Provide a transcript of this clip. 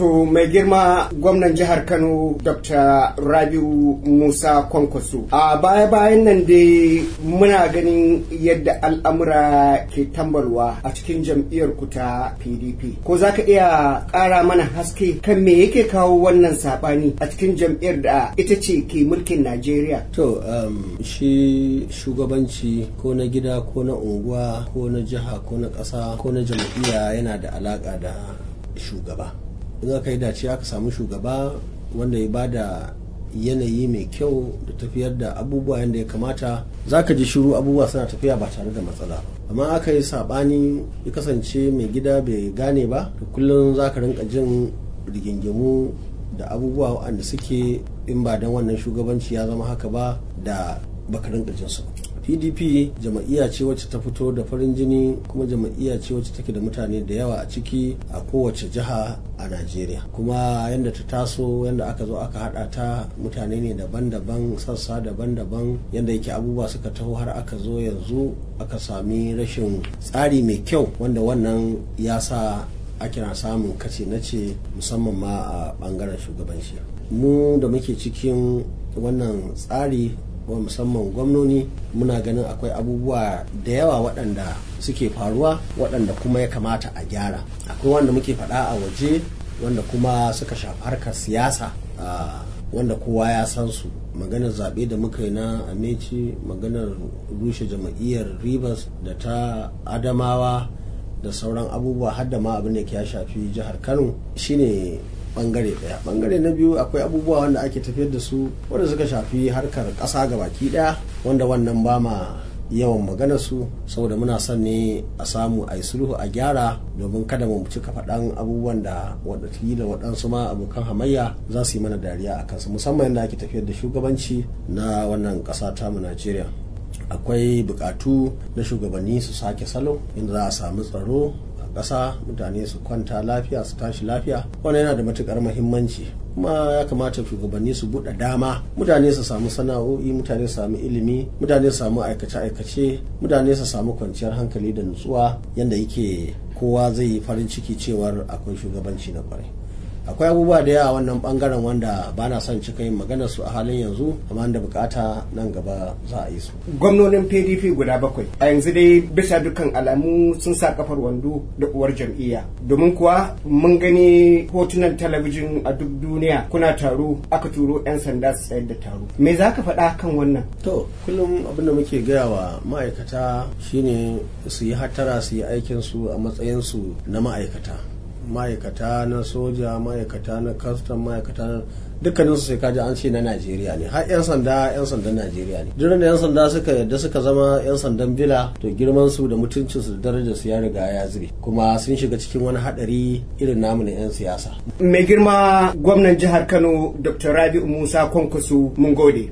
To mai girma gwamnan jihar Kano Dr. Rabiu Musa Kwankwaso. A baya-bayan nan dai muna ganin yadda al'amura ke tambalwa a cikin jam'iyyar ku ta PDP. Ko za ka iya ƙara mana haske kan me yake kawo wannan saɓani a cikin jam'iyyar da ita ce ke mulkin Najeriya? To, um, shi shugabanci ko na gida ko na unguwa ko na jiha ko na ƙasa ko na jam'iyya yana da alaƙa da shugaba. za ka yi dace aka samu shugaba wanda ya ba da yanayi mai kyau da tafiyar da abubuwa yadda ya kamata za ka ji shiru abubuwa suna tafiya ba tare da matsala amma aka yi saɓani ya kasance mai gida bai gane ba da kullum za ka rinka jin rigingimu da abubuwa waɗanda suke in ba don wannan shugabanci ya zama haka ba da baka rinka jinsu pdp jama'iyya ce wacce ta fito da farin jini kuma jama'iyya ce wacce take da mutane da yawa a ciki a kowace jiha a najeriya kuma yadda ta taso yadda aka zo aka hada ta mutane ne daban-daban sassa daban-daban yadda yake abubuwa suka taho har aka zo yanzu aka sami rashin tsari mai kyau wanda wannan ya sa ake na samun kace na ce musamman ma a bangaren shugabanci mu da muke cikin wannan tsari kuma musamman gwamnoni muna ganin akwai abubuwa da yawa waɗanda suke faruwa waɗanda kuma ya kamata a gyara akwai wanda muke faɗa a waje wanda kuma suka shafi harkar siyasa wanda kowa ya san su maganar zaɓe da muka yi na ameci maganar rushe jama'iyyar rivers da ta adamawa da sauran abubuwa har da ma abin da ya shafi jihar kano shine bangare daya bangare na biyu akwai abubuwa wanda ake tafiyar da su wanda suka shafi harkar kasa ga baki daya wanda wannan ba ma yawan magana su saboda muna son ne a samu a yi sulhu a gyara domin kada mu cika faɗan abubuwan da wadatila waɗansu ma abokan hamayya za su yi mana dariya a kansu musamman yadda ake tafiyar da shugabanci na wannan ƙasa ta mu najeriya akwai bukatu na shugabanni su sake salo inda za a samu tsaro ƙasa mutane su kwanta lafiya su tashi lafiya wannan yana da matukar mahimmanci kuma ya kamata shugabanni su buɗe dama mutane su samu sana'o'i mutane su samu ilimi mutane su samu aikace-aikace mutane su samu kwanciyar hankali da nutsuwa yadda yake kowa zai yi farin ciki cewar akwai shugabanci na kwarai akwai abubuwa da yawa wannan bangaren wanda ba na son cika yin magana su a halin yanzu amma da bukata nan gaba za a yi su gwamnonin pdp guda bakwai a yanzu dai bisa dukkan alamu sun sa kafar wando da uwar jam'iyya domin kuwa mun gani hotunan talabijin a duk duniya kuna taro aka turo 'yan sanda su tsayar da taro me za ka faɗa kan wannan to kullum abin da muke gaya wa ma'aikata shine su yi hattara su yi aikinsu a matsayinsu na ma'aikata ma'aikata na soja ma'aikata na kastam ma'aikata na dukkanin su sai kaji an ce na Najeriya ne har yan sanda yan sandan Najeriya ne duk da yan sanda suka yadda suka zama yan sandan bila to girman su da mutuncin su da darajar su ya riga ya zube kuma sun shiga cikin wani hadari irin namu na yan siyasa mai girma gwamnan jihar Kano Dr. Rabi'u Musa Kwankwaso mun gode